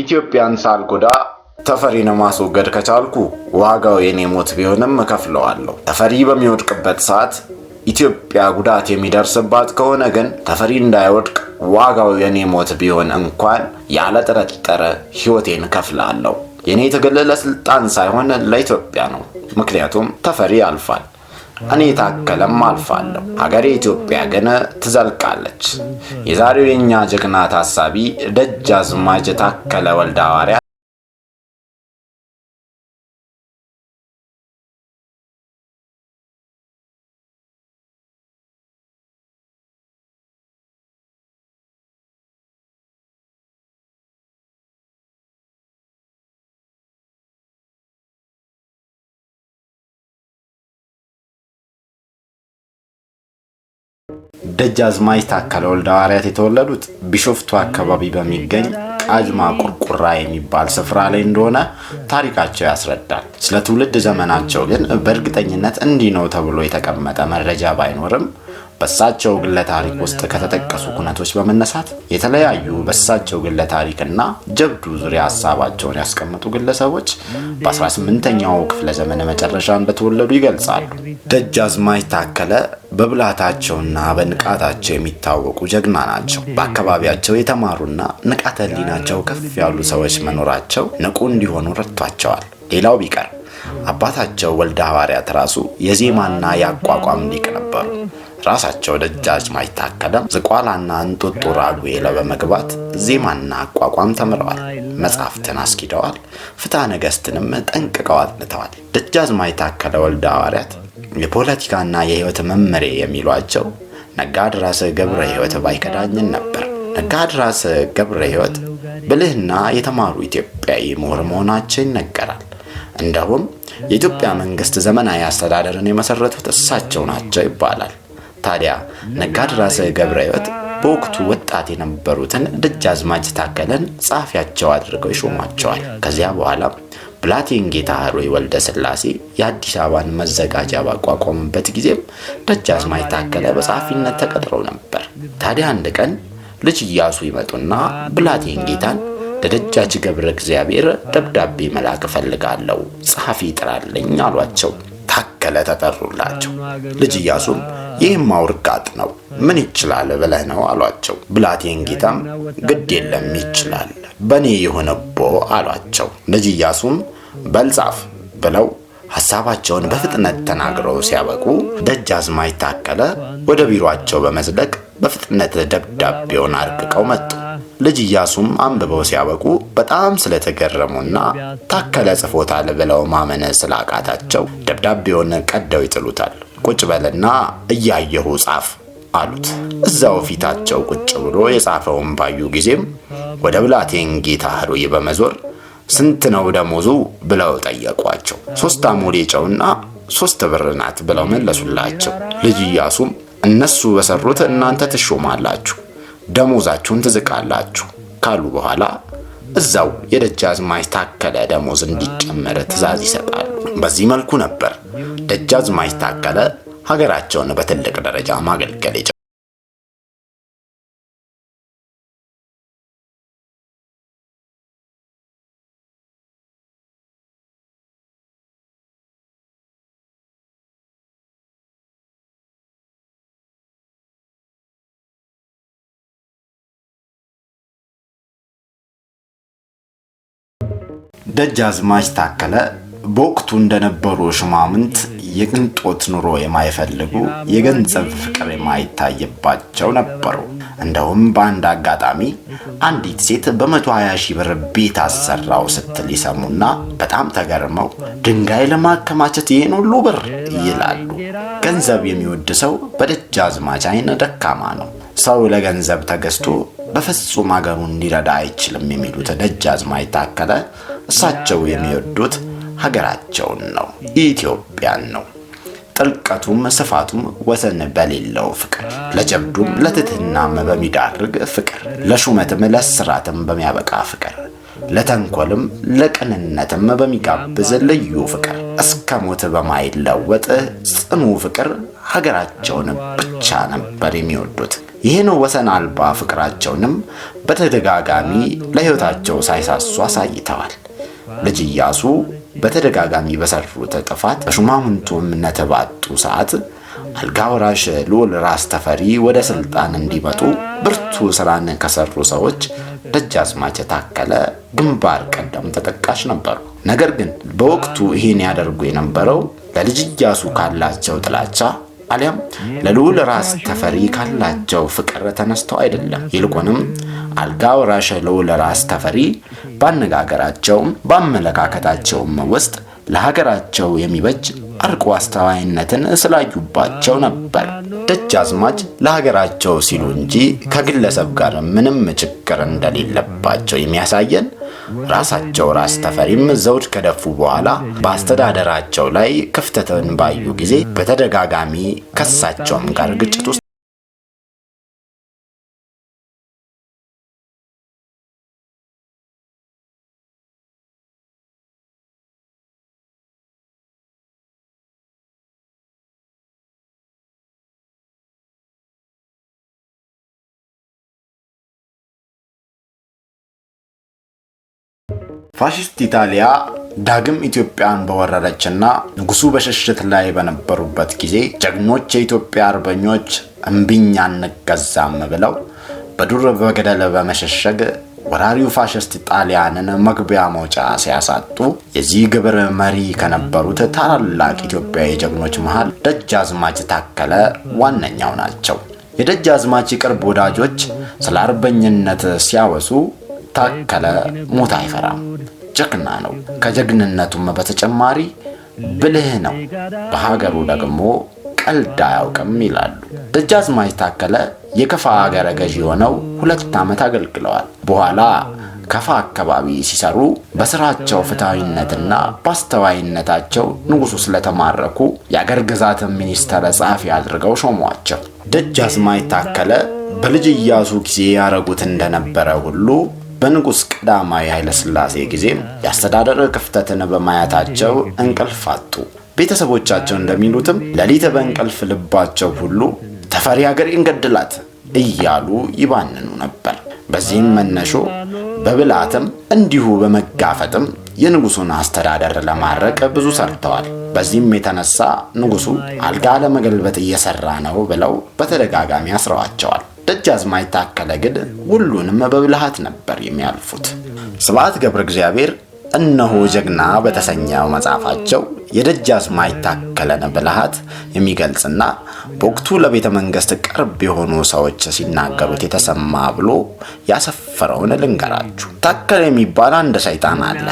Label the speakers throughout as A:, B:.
A: ኢትዮጵያን ሳልጎዳ ተፈሪን ማስወገድ ከቻልኩ ዋጋው የኔ ሞት ቢሆንም እከፍለዋለሁ። ተፈሪ በሚወድቅበት ሰዓት ኢትዮጵያ ጉዳት የሚደርስባት ከሆነ ግን ተፈሪ እንዳይወድቅ ዋጋው የኔ ሞት ቢሆን እንኳን ያለ ጥርጥር ሕይወቴን እከፍላለሁ። የኔ ትግል ለስልጣን ሳይሆን ለኢትዮጵያ ነው። ምክንያቱም ተፈሪ ያልፋል። እኔ ታከለም አልፋለሁ። ሀገር ኢትዮጵያ ግን ትዘልቃለች። የዛሬው የእኛ ጀግና ታሳቢ ደጃዝማች የታከለ ወልደ ሐዋርያ ደጃዝማች ታከለ ወልደ ሐዋርያት የተወለዱት ቢሾፍቱ አካባቢ በሚገኝ ቃጅማ ቁርቁራ የሚባል ስፍራ ላይ እንደሆነ ታሪካቸው ያስረዳል። ስለ ትውልድ ዘመናቸው ግን በእርግጠኝነት እንዲህ ነው ተብሎ የተቀመጠ መረጃ ባይኖርም በሳቸው ግለ ታሪክ ውስጥ ከተጠቀሱ ኩነቶች በመነሳት የተለያዩ በሳቸው ግለ ታሪክና ጀብዱ ዙሪያ ሀሳባቸውን ያስቀመጡ ግለሰቦች በ18ኛው ክፍለ ዘመነ መጨረሻ እንደተወለዱ ይገልጻሉ። ደጃዝማች ታከለ በብልሃታቸውና በንቃታቸው የሚታወቁ ጀግና ናቸው። በአካባቢያቸው የተማሩና ንቃተ ህሊናቸው ከፍ ያሉ ሰዎች መኖራቸው ንቁ እንዲሆኑ ረድቷቸዋል። ሌላው ቢቀር አባታቸው ወልደ ሐዋርያት ራሱ የዜማና የአቋቋም ሊቅ ነበሩ። ራሳቸው ደጃጅ ማይታከለም ዝቋላና እንጦጦ ራጉኤለ በመግባት ዜማና አቋቋም ተምረዋል። መጻሕፍትን አስኪደዋል። ፍትሐ ነገሥትንም ጠንቅቀው አጥንተዋል። ደጃዝማች ታከለ ወልደ ሐዋርያት የፖለቲካና የሕይወት መመሬ የሚሏቸው ነጋድራስ ገብረ ህይወት ባይከዳኝን ነበር። ነጋድራስ ገብረ ህይወት ብልህና የተማሩ ኢትዮጵያዊ ምሁር መሆናቸው ይነገራል። እንደውም የኢትዮጵያ መንግስት ዘመናዊ አስተዳደርን የመሰረቱት እሳቸው ናቸው ይባላል። ታዲያ ራሰ ገብረ ሕይወት በወቅቱ ወጣት የነበሩትን ደጃዝማች ታከለን ጸሐፊያቸው አድርገው ይሾሟቸዋል። ከዚያ በኋላ ብላቴን ጌታ ኅሩይ ወልደ ስላሴ የአዲስ አበባን መዘጋጃ ባቋቋሙበት ጊዜም ደጃዝማች ታከለ በጸሐፊነት ተቀጥረው ነበር። ታዲያ አንድ ቀን ልጅ እያሱ ይመጡና ብላቴን ጌታን ለደጃች ገብረ እግዚአብሔር ደብዳቤ መላክ እፈልጋለሁ፣ ጸሐፊ ጥራልኝ አሏቸው። እየቀጠለ ተጠሩላቸው። ልጅ ኢያሱም ይህም አውርቃጥ ነው፣ ምን ይችላል ብለህ ነው አሏቸው። ብላቴን ጌታም ግድ የለም ይችላል፣ በእኔ የሆነቦ አሏቸው። ልጅ ኢያሱም በልጻፍ ብለው ሐሳባቸውን በፍጥነት ተናግረው ሲያበቁ ደጃዝማች ታከለ ወደ ቢሮአቸው በመዝለቅ በፍጥነት ደብዳቤውን አርቅቀው መጡ። ልጅ ኢያሱም አንብበው ሲያበቁ በጣም ስለተገረሙና ታከለ ጽፎታል ብለው ማመን ስላቃታቸው ደብዳቤውን ቀደው ይጥሉታል። ቁጭ በልና እያየሁ ጻፍ አሉት። እዛው ፊታቸው ቁጭ ብሎ የጻፈውን ባዩ ጊዜም ወደ ብላቴን ጌታ ህሩይ በመዞር ስንት ነው ደሞዙ ብለው ጠየቋቸው። ሶስት አሞሌ ጨውና ሶስት ብር ናት ብለው መለሱላቸው። ልጅ ኢያሱም እነሱ በሰሩት እናንተ ትሾማላችሁ ደሞዛችሁን ትዝቃላችሁ ካሉ በኋላ እዛው የደጃዝማች ታከለ ደሞዝ እንዲጨመር ትዕዛዝ ይሰጣሉ። በዚህ መልኩ ነበር ደጃዝማች ታከለ ሀገራቸውን በትልቅ ደረጃ ማገልገል ደጃዝማች ታከለ በወቅቱ እንደነበሩ ሹማምንት የቅንጦት ኑሮ የማይፈልጉ የገንዘብ ፍቅር የማይታይባቸው ነበሩ። እንደውም በአንድ አጋጣሚ አንዲት ሴት በ120 ሺህ ብር ቤት አሰራው ስትል ይሰሙና በጣም ተገርመው ድንጋይ ለማከማቸት ይህን ሁሉ ብር ይላሉ። ገንዘብ የሚወድ ሰው በደጃዝማች አይነ ደካማ ነው። ሰው ለገንዘብ ተገዝቶ በፍጹም አገሩን ሊረዳ አይችልም የሚሉት ደጃዝማች ታከለ እሳቸው የሚወዱት ሀገራቸውን ነው፣ ኢትዮጵያን ነው። ጥልቀቱም ስፋቱም ወሰን በሌለው ፍቅር፣ ለጀብዱም ለትትናም በሚዳርግ ፍቅር፣ ለሹመትም ለስራትም በሚያበቃ ፍቅር፣ ለተንኮልም ለቅንነትም በሚጋብዝ ልዩ ፍቅር፣ እስከ ሞት በማይለወጥ ጽኑ ፍቅር ሀገራቸውን ብቻ ነበር የሚወዱት። ይህን ወሰን አልባ ፍቅራቸውንም በተደጋጋሚ ለሕይወታቸው ሳይሳሱ አሳይተዋል። ልጅ ኢያሱ በተደጋጋሚ በሰሩት ጥፋት በሹማምንቱም እነተባጡ ሰዓት አልጋ ወራሽ ልዑል ራስ ተፈሪ ወደ ስልጣን እንዲመጡ ብርቱ ስራን ከሰሩ ሰዎች ደጃዝማች ታከለ ግንባር ቀደም ተጠቃሽ ነበሩ። ነገር ግን በወቅቱ ይህን ያደርጉ የነበረው ለልጅ ኢያሱ ካላቸው ጥላቻ አሊያም ለልዑል ራስ ተፈሪ ካላቸው ፍቅር ተነስተው አይደለም። ይልቁንም አልጋ ወራሽ ልዑል ራስ ተፈሪ ባነጋገራቸውም ባመለካከታቸውም ውስጥ ለሀገራቸው የሚበጅ አርቆ አስተዋይነትን ስላዩባቸው ነበር። ደጃዝማች ለሀገራቸው ሲሉ እንጂ ከግለሰብ ጋር ምንም ችግር እንደሌለባቸው የሚያሳየን ራሳቸው ራስ ተፈሪም ዘውድ ከደፉ በኋላ በአስተዳደራቸው ላይ ክፍተትን ባዩ ጊዜ በተደጋጋሚ ከሳቸውም ጋር ግጭት ውስጥ ፋሽስት ኢጣሊያ ዳግም ኢትዮጵያን በወረረችና ንጉሱ በሽሽት ላይ በነበሩበት ጊዜ ጀግኖች የኢትዮጵያ አርበኞች እምቢኝ አንገዛም ብለው በዱር በገደል በመሸሸግ ወራሪው ፋሽስት ጣሊያንን መግቢያ መውጫ ሲያሳጡ የዚህ ግብር መሪ ከነበሩት ታላላቅ ኢትዮጵያዊ ጀግኖች መሃል ደጃዝማች ታከለ ዋነኛው ናቸው። የደጃዝማች ቅርብ ወዳጆች ስለ አርበኝነት ሲያወሱ ታከለ ሞት አይፈራም። ጀግና ነው። ከጀግንነቱም በተጨማሪ ብልህ ነው። በሀገሩ ደግሞ ቀልድ አያውቅም ይላሉ። ደጃዝማች ታከለ የከፋ ሀገረ ገዢ ሆነው ሁለት ዓመት አገልግለዋል። በኋላ ከፋ አካባቢ ሲሰሩ በስራቸው ፍትሐዊነትና በአስተዋይነታቸው ንጉሱ ስለተማረኩ የአገር ግዛትን ሚኒስተር ጸሐፊ አድርገው ሾሟቸው። ደጃዝማች ታከለ በልጅ እያሱ ጊዜ ያረጉት እንደነበረ ሁሉ በንጉሥ ቀዳማዊ ኃይለሥላሴ ጊዜ የአስተዳደር ክፍተትን በማየታቸው እንቅልፍ አጡ። ቤተሰቦቻቸው እንደሚሉትም ሌሊት በእንቅልፍ ልባቸው ሁሉ ተፈሪ ሀገር እንገድላት እያሉ ይባንኑ ነበር። በዚህም መነሾ በብልሃትም እንዲሁ በመጋፈጥም የንጉሱን አስተዳደር ለማድረቅ ብዙ ሰርተዋል። በዚህም የተነሳ ንጉሱ አልጋ ለመገልበጥ እየሰራ ነው ብለው በተደጋጋሚ አስረዋቸዋል። ደጃዝማች ታከለ ግን ሁሉንም በብልሃት ነበር የሚያልፉት። ስብሐት ገብረ እግዚአብሔር እነሆ ጀግና በተሰኘው መጽሐፋቸው የደጃዝማች ታከለን ብልሃት የሚገልጽና በወቅቱ ለቤተ መንግስት ቅርብ የሆኑ ሰዎች ሲናገሩት የተሰማ ብሎ ያሰፈረውን ልንገራችሁ። ታከለ የሚባል አንድ ሰይጣን አለ።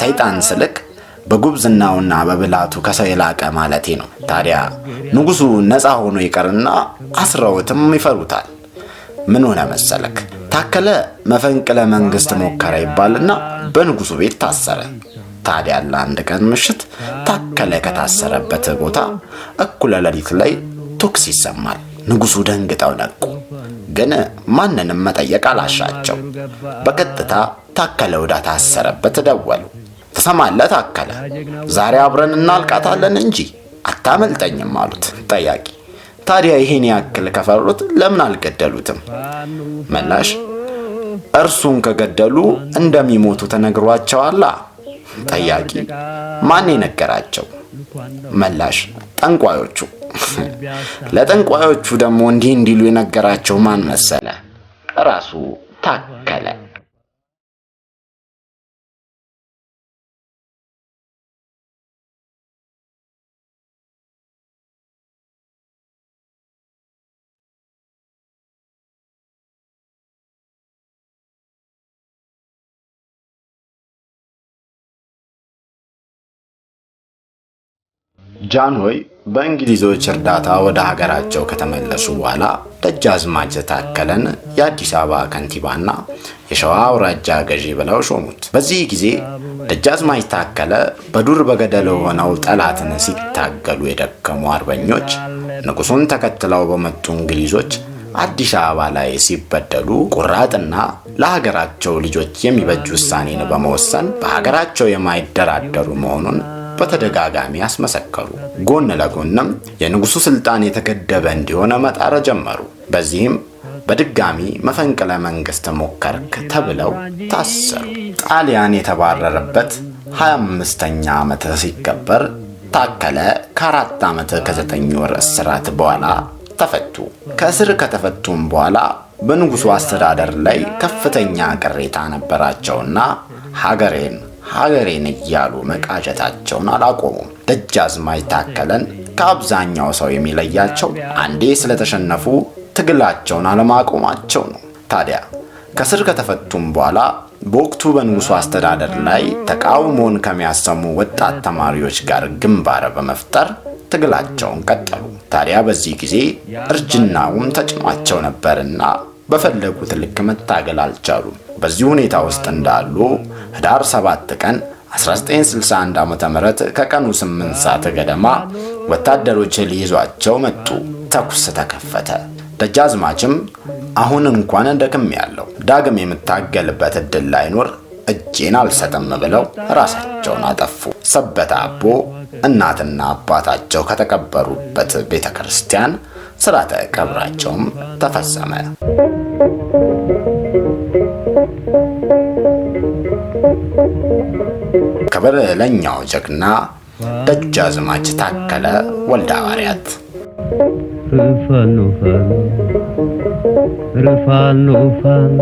A: ሰይጣን ስልክ በጉብዝናውና በብላቱ ከሰው የላቀ ማለቴ ነው። ታዲያ ንጉሱ ነፃ ሆኖ ይቀርና አስረውትም ይፈሩታል። ምን ሆነ መሰለክ? ታከለ መፈንቅለ መንግስት ሞከረ ይባልና በንጉሱ ቤት ታሰረ። ታዲያ ለአንድ ቀን ምሽት ታከለ ከታሰረበት ቦታ እኩለ ሌሊት ላይ ቶክስ ይሰማል። ንጉሱ ደንግጠው ነቁ። ግን ማንንም መጠየቅ አላሻቸው። በቀጥታ ታከለ ወዳ ታሰረበት ደወሉ። ትሰማለህ ታከለ፣ ዛሬ አብረን እናልቃታለን እንጂ አታመልጠኝም አሉት። ጠያቂ ታዲያ ይሄን ያክል ከፈሩት ለምን አልገደሉትም? መላሽ እርሱን ከገደሉ እንደሚሞቱ ተነግሯቸዋላ። ጠያቂ ማን የነገራቸው? መላሽ ጠንቋዮቹ። ለጠንቋዮቹ ደግሞ እንዲህ እንዲሉ የነገራቸው ማን መሰለ? ራሱ ታከለ። ጃንሆይ በእንግሊዞች እርዳታ ወደ ሀገራቸው ከተመለሱ በኋላ ደጃዝማች ታከለን የአዲስ አበባ ከንቲባና የሸዋ አውራጃ ገዢ ብለው ሾሙት። በዚህ ጊዜ ደጃዝማች ታከለ በዱር በገደል ሆነው ጠላትን ሲታገሉ የደከሙ አርበኞች ንጉሱን ተከትለው በመጡ እንግሊዞች አዲስ አበባ ላይ ሲበደሉ ቁራጥና ለሀገራቸው ልጆች የሚበጅ ውሳኔን በመወሰን በሀገራቸው የማይደራደሩ መሆኑን በተደጋጋሚ አስመሰከሩ። ጎን ለጎንም የንጉሱ ስልጣን የተገደበ እንዲሆነ መጣር ጀመሩ። በዚህም በድጋሚ መፈንቅለ መንግስት ሞከርክ ተብለው ታሰሩ። ጣሊያን የተባረረበት 25ኛ ዓመት ሲከበር ታከለ ከአራት ዓመት ከዘጠኝ ወር እስራት በኋላ ተፈቱ። ከእስር ከተፈቱም በኋላ በንጉሱ አስተዳደር ላይ ከፍተኛ ቅሬታ ነበራቸውና ሀገሬን ሀገሬን እያሉ መቃዠታቸውን አላቆሙም። ደጃዝማች ታከለን ከአብዛኛው ሰው የሚለያቸው አንዴ ስለተሸነፉ ትግላቸውን አለማቆማቸው ነው። ታዲያ ከስር ከተፈቱም በኋላ በወቅቱ በንጉሱ አስተዳደር ላይ ተቃውሞን ከሚያሰሙ ወጣት ተማሪዎች ጋር ግንባር በመፍጠር ትግላቸውን ቀጠሉ። ታዲያ በዚህ ጊዜ እርጅናውም ተጭኗቸው ነበርና በፈለጉት ልክ መታገል አልቻሉም። በዚህ ሁኔታ ውስጥ እንዳሉ ህዳር 7 ቀን 1961 ዓ.ም ከቀኑ 8 ሰዓት ገደማ ወታደሮች ሊይዟቸው መጡ። ተኩስ ተከፈተ። ደጃዝማችም አሁን እንኳን ያለው ዳግም የምታገልበት እድል ላይኖር እጄን አልሰጥም ብለው ራሳቸውን አጠፉ። ሰበት አቦ እናትና አባታቸው ከተቀበሩበት ቤተ ክርስቲያን ስርዓተ ቀብራቸውም ተፈጸመ። ክብር ለኛው ጀግና ደጃዝማች ታከለ ወልደ ሐዋርያት ፋኖ ፋኖ